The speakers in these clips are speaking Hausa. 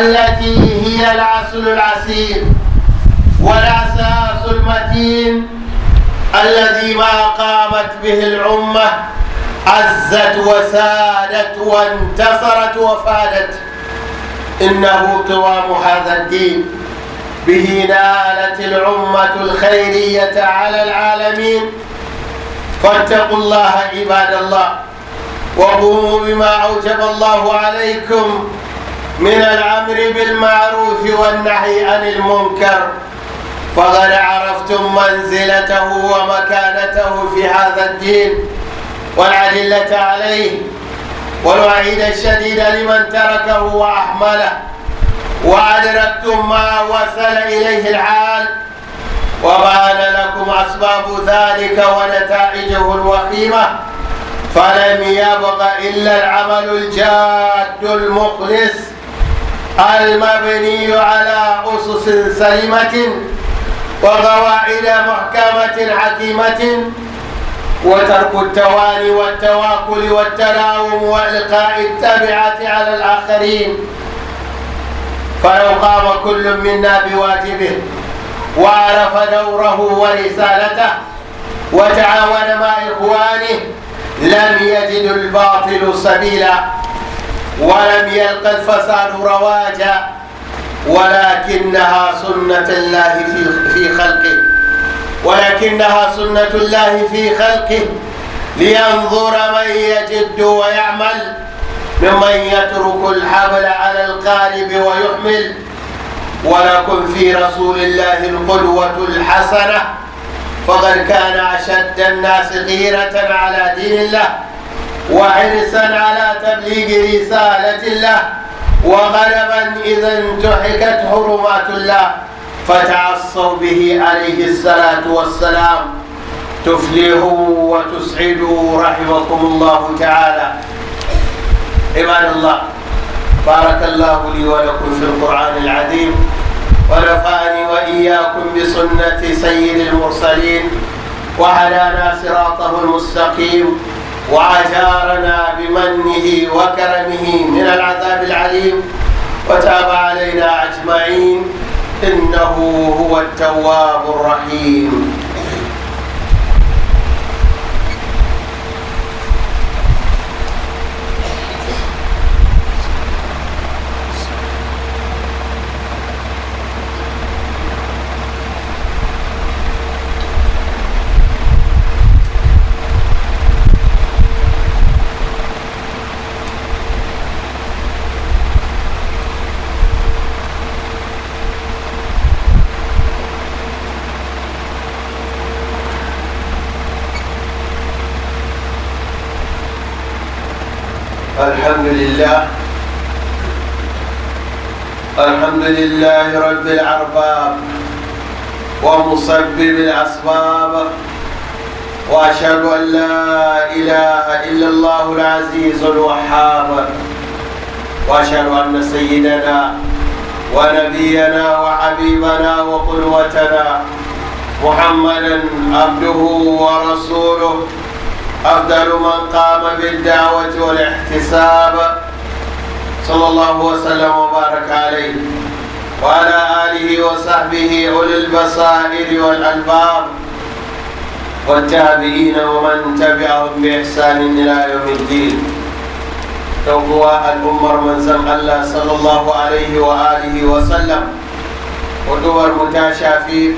التي هي العسل العسير والأساس المتين الذي ما قامت به الأمة عزت وسادت وانتصرت وفادت إنه قوام هذا الدين به نالت الأمة الخيرية على العالمين فاتقوا الله عباد الله وقوموا بما أوجب الله عليكم من الأمر بالمعروف والنهي عن المنكر فقد عرفتم منزلته ومكانته في هذا الدين والعدلة عليه والوعيد الشديد لمن تركه وأحمله وأدركتم ما وصل إليه الحال وبان لكم أسباب ذلك ونتائجه الوخيمة فلم يبق إلا العمل الجاد المخلص المبني على أسس سليمة وقواعد محكمة حكيمة وترك التوالي والتواكل والتلاوم وإلقاء التبعة على الآخرين فلو قام كل منا بواجبه وعرف دوره ورسالته وتعاون مع إخوانه لم يجد الباطل سبيلا ولم يلق الفساد رواجا ولكنها سنة الله في خلقه ولكنها سنة الله في خلقه لينظر من يجد ويعمل ممن يترك الحبل على القارب ويحمل ولكم في رسول الله القدوة الحسنة فقد كان أشد الناس غيرة على دين الله وحرصا على تبليغ رسالة الله وغلبا إذا انتحكت حرمات الله فتعصوا به عليه الصلاة والسلام تفلحوا وتسعدوا رحمكم الله تعالى عباد الله بارك الله لي ولكم في القرآن العظيم ونفعني وإياكم بسنة سيد المرسلين وهدانا صراطه المستقيم وعجارنا بمنه وكرمه من العذاب العليم وتاب علينا أجمعين إنه هو التواب الرحيم الله الحمد لله رب العرباب ومسبب الأسباب وأشهد أن لا إله إلا الله العزيز الوهاب وأشهد أن سيدنا ونبينا وحبيبنا وقدوتنا محمدا عبده ورسوله أفضل من قام بالدعوة والاحتساب صلى الله وسلم وبارك عليه وعلى آله وصحبه أولي البصائر والألباب والتابعين ومن تبعهم بإحسان إلى يوم الدين توقوا الأمر من زم الله صلى الله عليه وآله وسلم ودور متشافي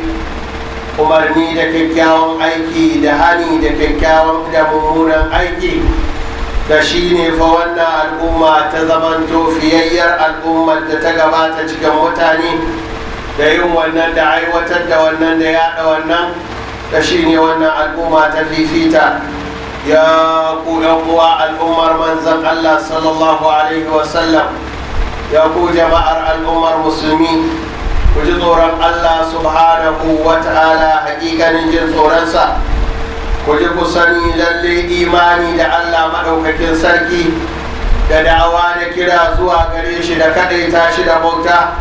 umarni da kyakkyawan aiki da hani da kyakkyawan da da shi ne fa wannan al'umma ta zamanto fiyayyar al'ummar da ta gabata cikin mutane da yin wannan da aiwatar da wannan da yada wannan da shi ne wannan al'umma ta fifita ya ku uwa al'ummar manzan Allah sallallahu alaihi wasallam ya ku jama'ar al'ummar musulmi ku ji tsoron Allah subhanahu wa ta'ala hakikanin jin tsoronsa ku ji ku sani lalle imani da allah maɗaukakin sarki da da'awa da kira zuwa gare shi da kaɗaita shi da bauta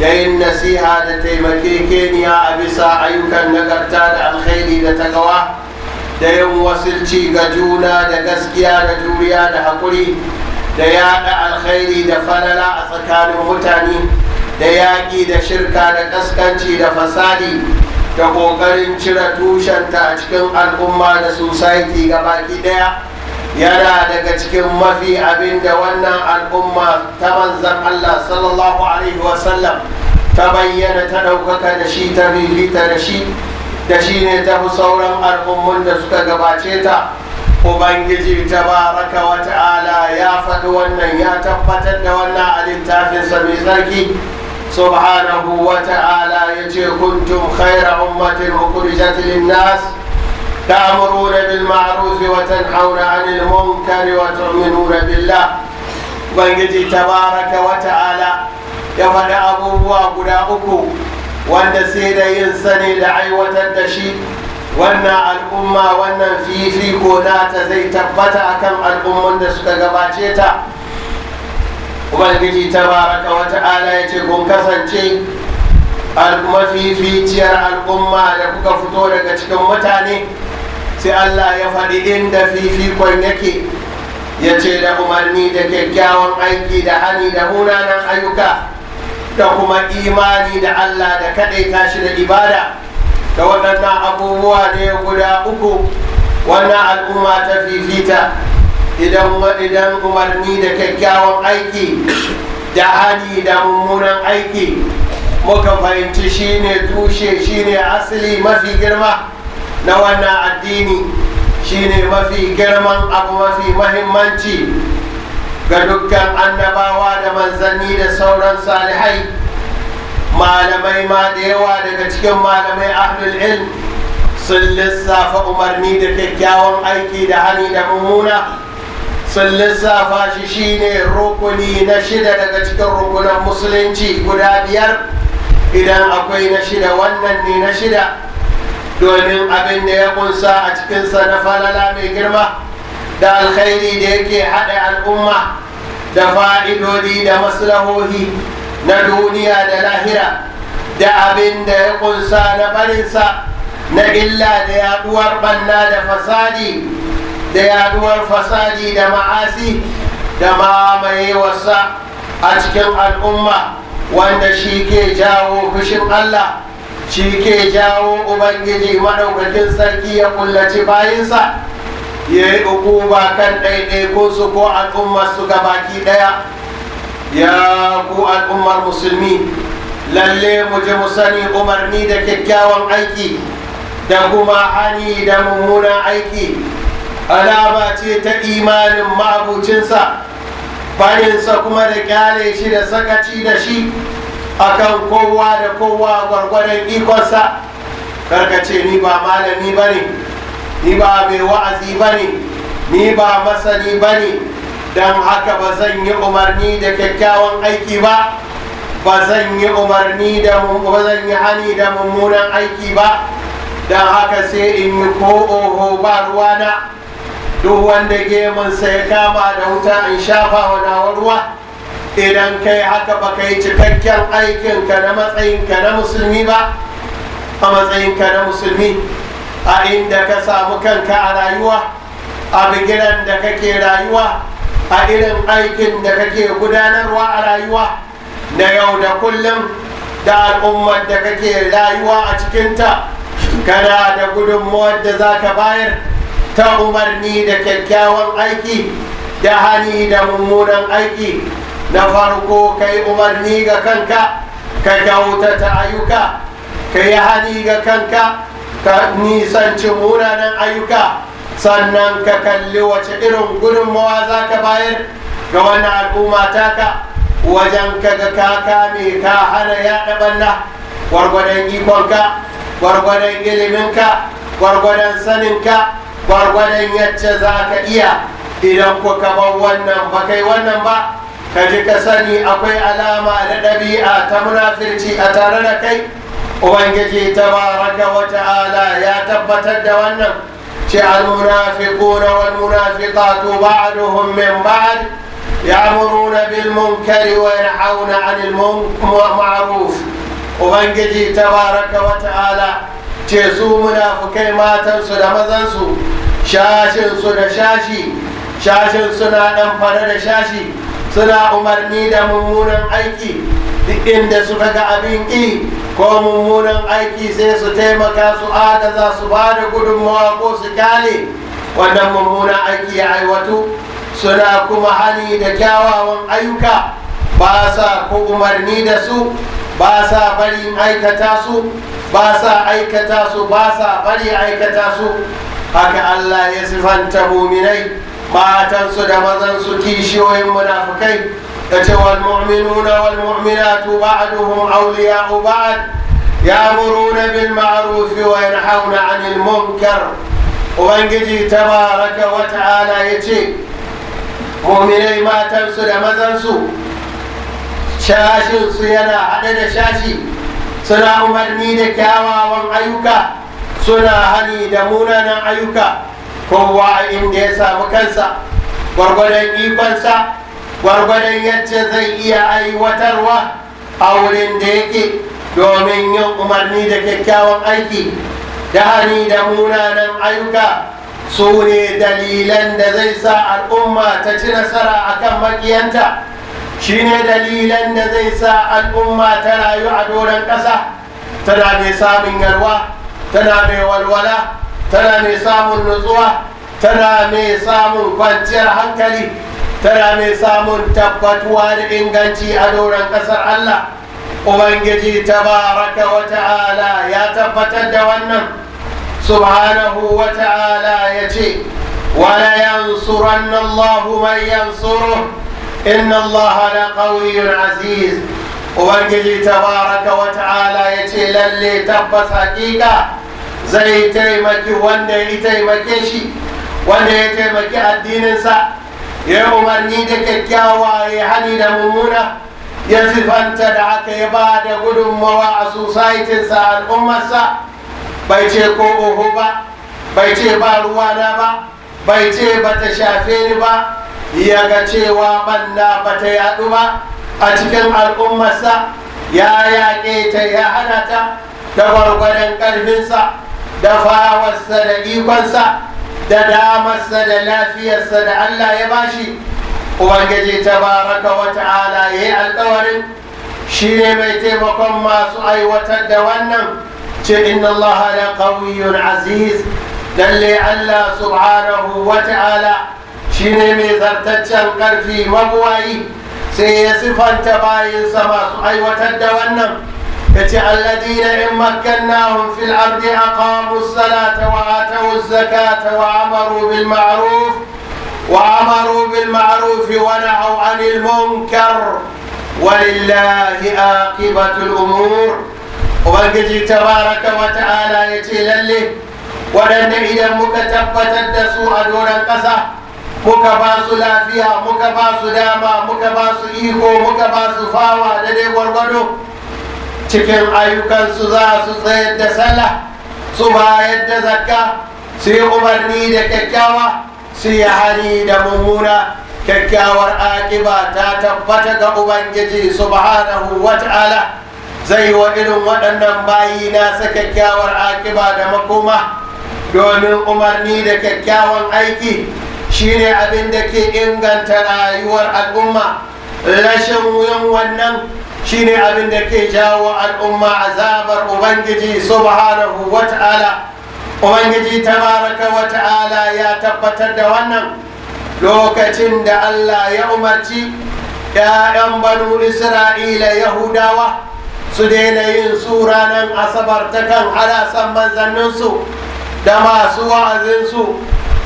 da yin nasiha da taimakekeniya a bisa ayyukan nagarta da alkhairi da tagawa da yin wasilci ga juna da gaskiya da juriya da haƙuri da yaɗa alkhairi da falala a tsakanin mutane da yaƙi da shirka da ƙaskanci da fasadi da ƙoƙarin cire tushenta a cikin al'umma da society baki ɗaya yana daga cikin mafi abin da wannan al'umma ta manzan Allah sallallahu alaihi wasallam ta bayyana ta ɗaukaka da shi ta fifita da shi da shi ne ta fi sauran al'ummun da suka gabace ta ubangiji ta baraka wa ta'ala ya faɗi wannan ya tabbatar da wannan a littafinsa mai tsarki سبحانه وتعالى يتي كنتم خير أمة أخرجت للناس تأمرون بالمعروف وتنحون عن المنكر وتؤمنون بالله من بنجتي تبارك وتعالى يا فدا أبو أبو أبو وأن سيدا ينسني لعي وتدشي وأن الأمة وأن في في كودات زي تبتا أكم الأمة تسكت ubangiji tabaraka wa ta'ala ya ce kun kasance mafificiyar al'umma da kuka fito daga cikin mutane sai allah ya faɗi inda fifikon yake ya ce da umarni da kyakkyawan aiki da hani da munanan ayyuka da kuma imani da allah da kaɗaita shi da ibada da waɗannan abubuwa ne guda uku wannan al'umma ta fifita idan idan umarni da kyakkyawan aiki da hani da mummunan aiki muka fahimci shine tushe shine asali mafi girma na wannan addini shine mafi girman abu mafi mahimmanci ga dukkan annabawa da manzanni da sauran salihai malamai ma da yawa daga cikin malamai ahlul ilm sun lissafa umarni da kyakkyawan aiki da hani da mummuna sun lissafa shi shine rukuni na shida daga cikin rukunan musulunci guda biyar idan akwai na shida wannan ne na shida domin abin da ya kunsa a cikinsa na falala mai girma da alkhairi da yake haɗa al'umma da fa'idodi da maslahohi na duniya da lahira da abin da ya kunsa na barinsa na illa da yaduwar banna da fasadi da yaduwar fasadi da ma'asi da mamaye wasa a cikin al'umma wanda shi ke jawo fushin Allah shi ke jawo ubangiji maɗaukakin sarki ya kullaci bayinsa ya yi ba kan ɗaiɗaikunsu ko al'ummarsu baki ɗaya ya ku al'ummar musulmi lalle mu ji mu sani umarni da kyakkyawan aiki da kuma hani da mummunan aiki alama ce ta imanin mabucinsa barinsa kuma da kyale shi da sakaci da shi akan kowa da kowa gwargwaron ikonsa karkace ni ba malami ba ne ni ba mai wa'azi ba ne ni ba masani ba ne don haka ba zan yi umarni da kyakkyawan aiki ba ba zan yi umarni da ba yi hani da mummunan aiki ba don haka sai in yi ko oho ba ruwana duk wanda gemunsa ya kama da wuta in shafa wa nawa ruwa idan kai haka ba kai yi cikakken ka na matsayinka na musulmi ba a ka na musulmi a inda ka samu kanka a rayuwa a bigiran da kake rayuwa a irin aikin da kake gudanarwa a rayuwa na yau da kullum da al'ummar da kake rayuwa a cikinta kana da gudunmuwar da za ka bayar ta umarni da kyakkyawan aiki da hani da mummunan aiki na farko ka yi umarni ga kanka ka ta ayyuka ka yi hani ga kanka ka nisanci munanan ayyuka sannan ka kalli wace irin gudunmawa za ka bayar ga wannan al'umma taka wajen kaga ka kame ka hana yaɗa ɓanna gwargwadon ikonka gwargwadon iliminka gwargwadon saninka gwargwadon yacce za ka iya idan kuka bar wannan ba kai wannan ba ka ji ka sani akwai alama da ɗabi'a ta munafirci a tare da kai ubangiji tabaraka wa ta'ala ya tabbatar da wannan ce al-munafiquna wal munafiqatu ba'duhum min ba'd ya'muruna bil munkari wa yanhauna 'anil ma'ruf ubangiji tabaraka wa ta'ala ce su munafukai matansu da mazansu shashinsu da shashi shashin suna ɗan fara da shashi suna umarni da mummunan aiki duk inda suka ga abin ƙi ko mummunan aiki sai su taimaka su adaza su ba da gudunmawa ko su kyale wannan mummunan aiki ya aiwatu suna kuma hani da kyawawan ayyuka basa sa ko umarni da su basa bari aikata su basa aikata su basa bari aikata su haka Allah ya sifanta muminai matansu da mazansu kishiyoyin munafukai da ce wal mu'minuna wal mu'minatu ba'duhum awliya'u ba'd ya'muruna bil ma'ruf wa yanhauna 'anil munkar ubangiji tabaraka wa ta'ala yace muminai matansu shashinsu yana haɗe da shashi suna umarni da kyawawan ayyuka suna hani da munanan ayyuka kowa inda ya samu kansa gwargwadon ikonsa gwargwadon yadda zai iya aiwatarwa a wurin da yake domin yin umarni da kyakkyawan aiki da hani da munanan ayyuka su ne dalilan da zai sa al'umma ta ci nasara akan makiyanta shine dalilan da zai sa al'umma ta rayu a doron ƙasa tana mai samun yalwa tana mai walwala tana mai samun nutsuwa tana mai samun kwanciyar hankali tana mai samun tabbatuwa da inganci a doron ƙasar allah ubangiji tabaraka wa ta'ala ya tabbatar da wannan subhanahu wa ta'ala ya ce wala yansuranna allahu man yansuruh إن الله لقوي عزيز وبنجي تبارك وتعالى يتي للي تبس حقيقة زي تيمكي وانده يتيمكي شي وانده يتيمكي الدين انسا يومر نيدك الجاوة يحني نمومونة يصف أنت دعك يبادة قدم مواع سوسايت انسا الأمة سا بيتي قوه با بيتي بالوانا با بيتي بتشافين با ya ga cewa manna ba ta yaɗu ba a cikin al'ummarsa ya yaƙe ta ya hana ta da gwargwadon ƙarfinsa da fawarsa da ikonsa da damarsa da lafiyarsa da Allah ya bashi ubangiji tabaraka wa ta'ala ya yi alkawarin shi ne mai taimakon masu aiwatar da wannan ce inna Allah la qawiyyun aziz lalle Allah subhanahu wa ta'ala shine mai zartaccen ƙarfi mabuwayi sai ya sifanta bayansa masu aiwatar da wannan ya ce alladina in makkannahum fil ardi aqamu salata wa atawu zakata wa amaru bil ma'ruf wa amaru bil ma'ruf wa nahaw anil munkar ولله عاقبة الأمور ubangiji tabaraka wa ta'ala ya ce lalle waɗanda idan muka tabbatar da su a doron ƙasa muka ba su lafiya muka ba su dama muka ba su iko muka ba su fawa da dai gwargwado cikin ayyukansu za su tsayar da sallah su bayar da zakka su yi umarni da kyakkyawa su yi hari da mummuna kyakkyawar akiba ta tabbata ga ubangiji subhanahu wa ta'ala zai yi wa irin waɗannan bayi na sa kyakkyawar akiba da makoma domin umarni da kyakkyawan aiki shine abin da ke inganta rayuwar al'umma rashin wuyan wannan shine abin da ke jawo al'umma azabar ubangiji subhanahu wa ta'ala ubangiji tabaraka wa ta'ala ya tabbatar da wannan lokacin da allah ya umarci 'ya'yan banu isra'ila yahudawa su daina yin su ranar asabar ta kan hadasan manzanninsu da masu wa'azinsu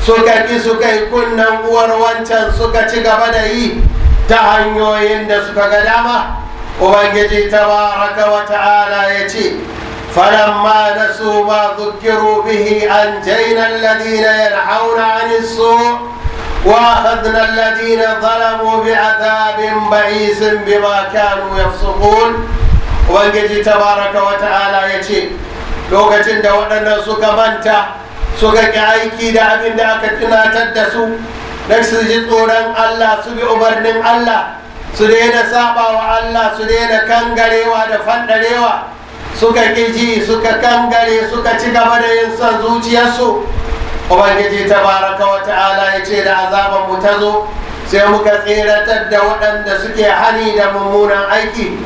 suka ƙi suka yi kunnan uwar wancan suka ci gaba da yi ta hanyoyin da suka ga dama ubangiji tabaraka wa ta'ala ya ce falamma nasu ma dhukkiru bihi anjayna alladhina yanhauna 'anil su' wa akhadna alladhina zalamu bi'adhabin ba'isin bima kanu yafsuqun ubangiji tabaraka wa ta'ala ya ce lokacin da waɗannan suka manta suka ƙi aiki da abin da aka tunatar da su don su ji tsoron allah su bi umarnin allah su daina saba wa allah su daina kangarewa da fandarewa suka ƙi ji suka kangare suka ci gaba da yin son zuciyarsu ubangiji ta wa ta'ala ya ce da azaban mu ta zo sai muka tseratar da waɗanda suke hani da mummunan aiki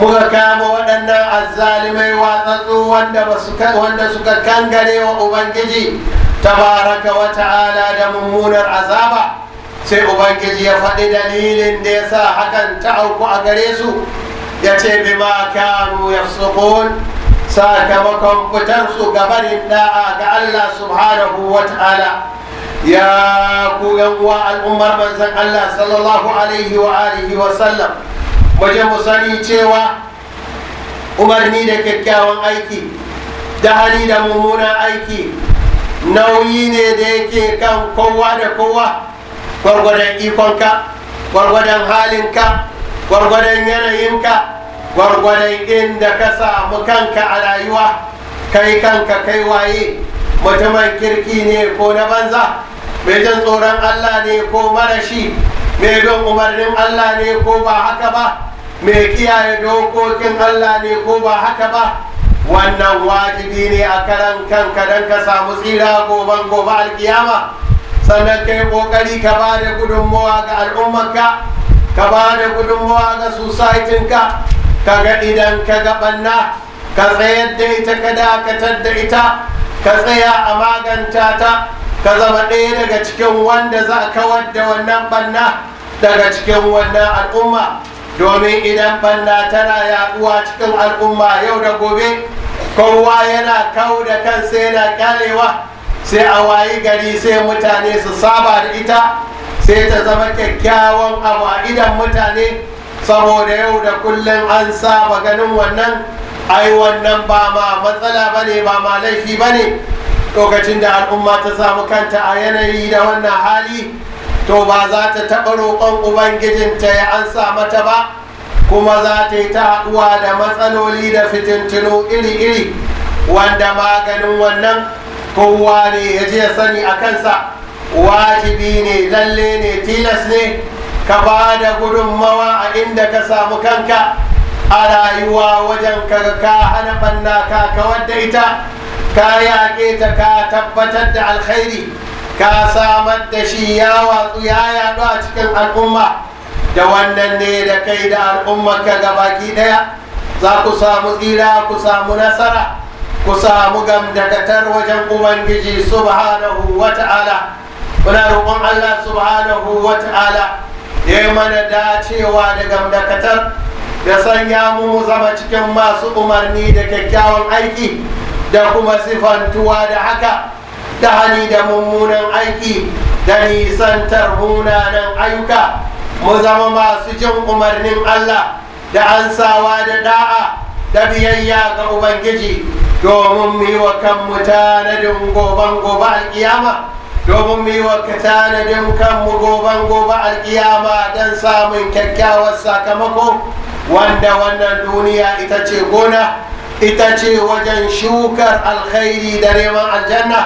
muka kama waɗannan azzalimai watsatsu wanda suka kangare wa ubangiji tabaraka wa ta'ala da mummunar azaba sai ubangiji ya faɗi dalilin da ya sa hakan ta auku a gare su ya ce bima kanu yafsukun sakamakon fitarsu gabarin da'a ga Allah subhanahu wa ta'ala ya ku yan uwa al'ummar manzon Allah sallallahu alaihi wa alihi wa sallam waje mu sani cewa umarni da kyakkyawan aiki da hali da mummunan aiki nauyi ne da yake kan kowa da kowa gwargwadon ikonka gwargwadon halinka gwargwadon yanayinka gwargwadon inda ka samu kanka a rayuwa kai kanka kai waye mutumin kirki ne ko na banza mai jan tsoron allah ne ko marashi mai bin umarnin allah ne ko ba haka ba mai kiyaye dokokin Allah ne ko ba haka ba wannan wajibi ne a karan kanka don ka samu tsira goban gobe alkiyama sannan ka yi kokari ka ba da gudunmowa ga al'ummarka ka ba da gudunmowa ga susaitinka ka ga idan ka ga banna ka tsayar da ita ka dakatar da ita ka tsaya a maganta ta ka zama ɗaya daga cikin wanda za a kawar da wannan banna daga cikin wannan al'umma domin idan banda tana yaduwa cikin al'umma yau da gobe kowa yana kawo da kansa yana kyalewa sai a wayi gari sai mutane su saba da ita sai ta zama kyakkyawan abu a idan mutane saboda yau da kullum an saba ganin wannan ai wannan ba ma matsala ba ne ba ma laifi ba ne lokacin da al'umma ta samu kanta a yanayi da wannan hali to ba za ta taɓa roƙon ubangijinta ya ansa mata ba kuma za ta yi ta haɗuwa da matsaloli da fitintino iri-iri wanda maganin wannan kowa ne ya ji sani a kansa wajibi ne lalle ne tilas ne ka ba da gudunmawa a inda ka samu kanka a rayuwa wajen kaga ka hana ɓanna ka kawar da ita ka yaƙe ta ka tabbatar da alkhairi ka samar da shi ya watsu ya yaɗu a cikin al'umma da wannan ne da kai da al'ummarka gabaki ɗaya za ku samu tsira ku samu nasara ku samu gamdakatar wajen ubangiji subhanahu wa ta'ala muna roƙon allah subhanahu wa ta'ala ya mana dacewa da gamdakatar da sanya mu mu zama cikin masu umarni da kyakkyawan aiki da kuma sifantuwa da haka da hani da mummunan aiki da nisantar munanan ayyuka mu zama masu jin umarnin Allah da ansawa da da'a da biyayya ga Ubangiji domin mu yi wa kanmu tanadin goban gobe alkiyama domin mu yi wa tanadin kanmu goban gobe alkiyama don samun kyakkyawar sakamako wanda wannan duniya ita ce gona ita ce wajen shukar alkhairi da neman aljanna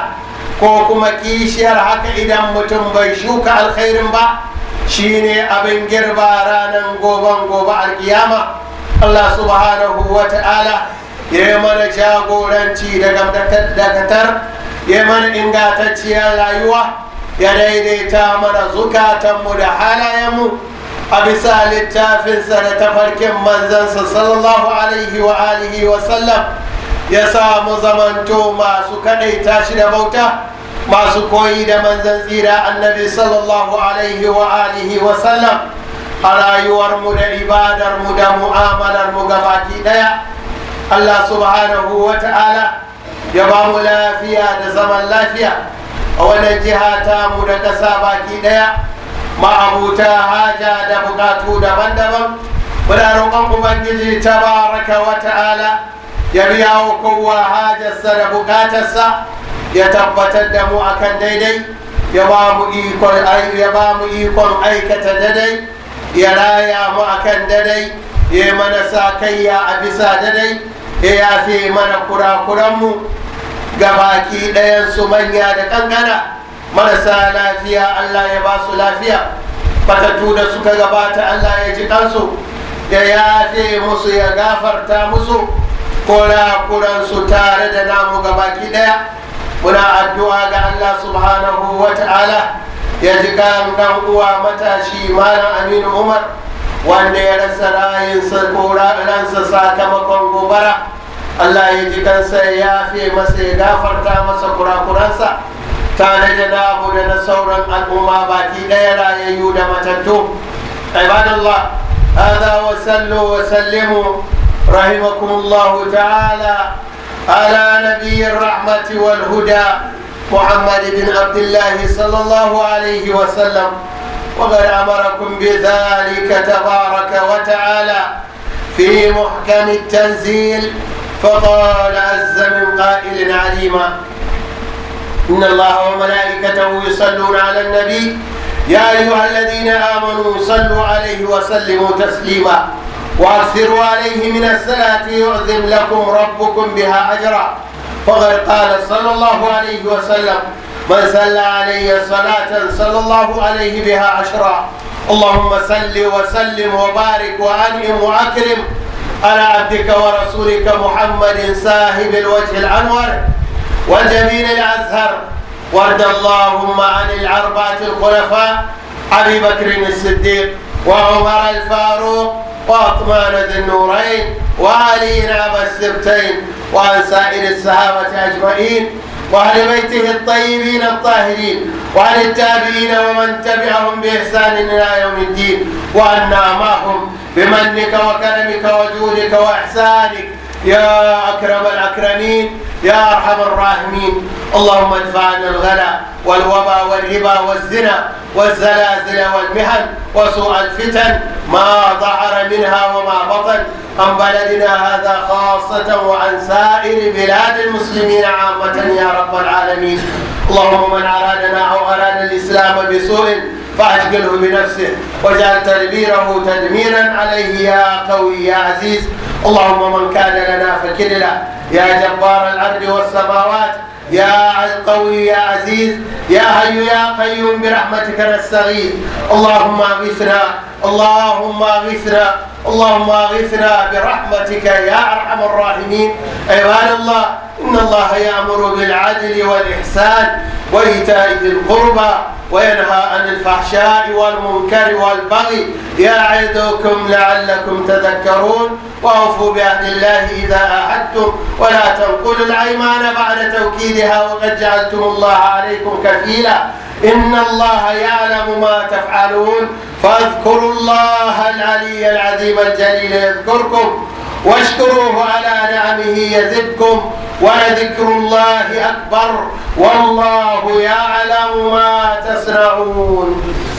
ko kuma kishiyar haka idan mutum bai shuka alkhairin ba shine abin girba ranar goban gobe alkiyama Allah subhanahu wa ta'ala ya yi mana jagoranci daga dakatar ya mana ingantacciyar rayuwa ya daidaita mana zukatanmu da halayenmu a bisa littafinsa da tafarkin manzansa sallallahu alaihi wa alihi wa sallam ya samu zamanto masu kadaita shi da bauta masu koyi da manzan tsira annabi sallallahu alaihi wa alihi wa sallam a rayuwarmu da ibadarmu da mu'amalarmu gabaki daya allah subhanahu wa ta'ala ya ba mu lafiya da zaman lafiya a wannan jiha tamu da ƙasa baki daya ma'abuta haja da bukatu daban-daban muna roƙon ubangiji tabaraka wa ta'ala ya biya wa kowa hajarsa da bukatarsa ya tabbatar da mu akan daidai ya ba mu ikon aikata daidai ya raya mu akan daidai ya mana sa a bisa daidai ya yafe mana kurakuranmu ga baki ɗayansu manya da ƙanƙana marasa lafiya allah ya ba su lafiya fatattu da suka gabata allah ya ji kansu ya yafe musu ya gafarta musu kora kurakuransu tare da namu gabaki daya muna addu'a ga allah subhanahu wa ta'ala ya ji kan dan uwa matashi malam aminu umar wanda ya rasa rayin sa rayinsa ko ransa sakamakon gobara allah ya ji kansa ya fi masa ya gafarta masa sa tare da namu da sauran al'umma baki daya rayayyu da matattu ibadallah هذا وسلوا وسلموا رحمكم الله تعالى على نبي الرحمة والهدى محمد بن عبد الله صلى الله عليه وسلم وقد أمركم بذلك تبارك وتعالى في محكم التنزيل فقال عز من قائل عليما إن الله وملائكته يصلون على النبي يا أيها الذين آمنوا صلوا عليه وسلموا تسليما وأكثروا عليه من الصلاة يعظم لكم ربكم بها أجرا فقد قال صلى الله عليه وسلم من صلى علي صلاة صلى الله عليه بها عشرا اللهم صل وسلم وبارك وأنعم وأكرم على عبدك ورسولك محمد صاحب الوجه الأنور والجميل الأزهر وارض اللهم عن العربات الخلفاء أبي بكر الصديق وعمر الفاروق وعثمان ذي النورين وعلي ناب السبتين وعن سائر الصحابة أجمعين وعن بيته الطيبين الطاهرين وعن التابعين ومن تبعهم بإحسان إلى يوم الدين وعنا معهم بمنك وكرمك وجودك وإحسانك يا أكرم الأكرمين يا أرحم الراحمين اللهم ادفع عنا الغلا والوبا والربا والزنا والزلازل والمحن وسوء الفتن ما ظهر منها وما بطن عن بلدنا هذا خاصة وعن سائر بلاد المسلمين عامة يا رب العالمين اللهم من أرادنا أو أراد الإسلام بسوء فأشغله بنفسه واجعل تدبيره تدميرا عليه يا قوي يا عزيز اللهم من كان لنا فكلنا يا جبار الأرض والسماوات يا قوي يا عزيز يا حي يا قيوم برحمتك نستغيث اللهم اغثنا اللهم اغثنا اللهم اغثنا برحمتك يا ارحم الراحمين عباد الله ان الله يامر بالعدل والاحسان وإيتاء ذي القربى وينهى عن الفحشاء والمنكر والبغي يعظكم لعلكم تذكرون وأوفوا بعهد الله إذا أعدتم ولا تنقلوا الأيمان بعد توكيدها وقد جعلتم الله عليكم كفيلا إن الله يعلم ما تفعلون فاذكروا الله العلي العظيم الجليل يذكركم واشكروه على نعمه يزدكم ولذكر الله أكبر والله يعلم ما تصنعون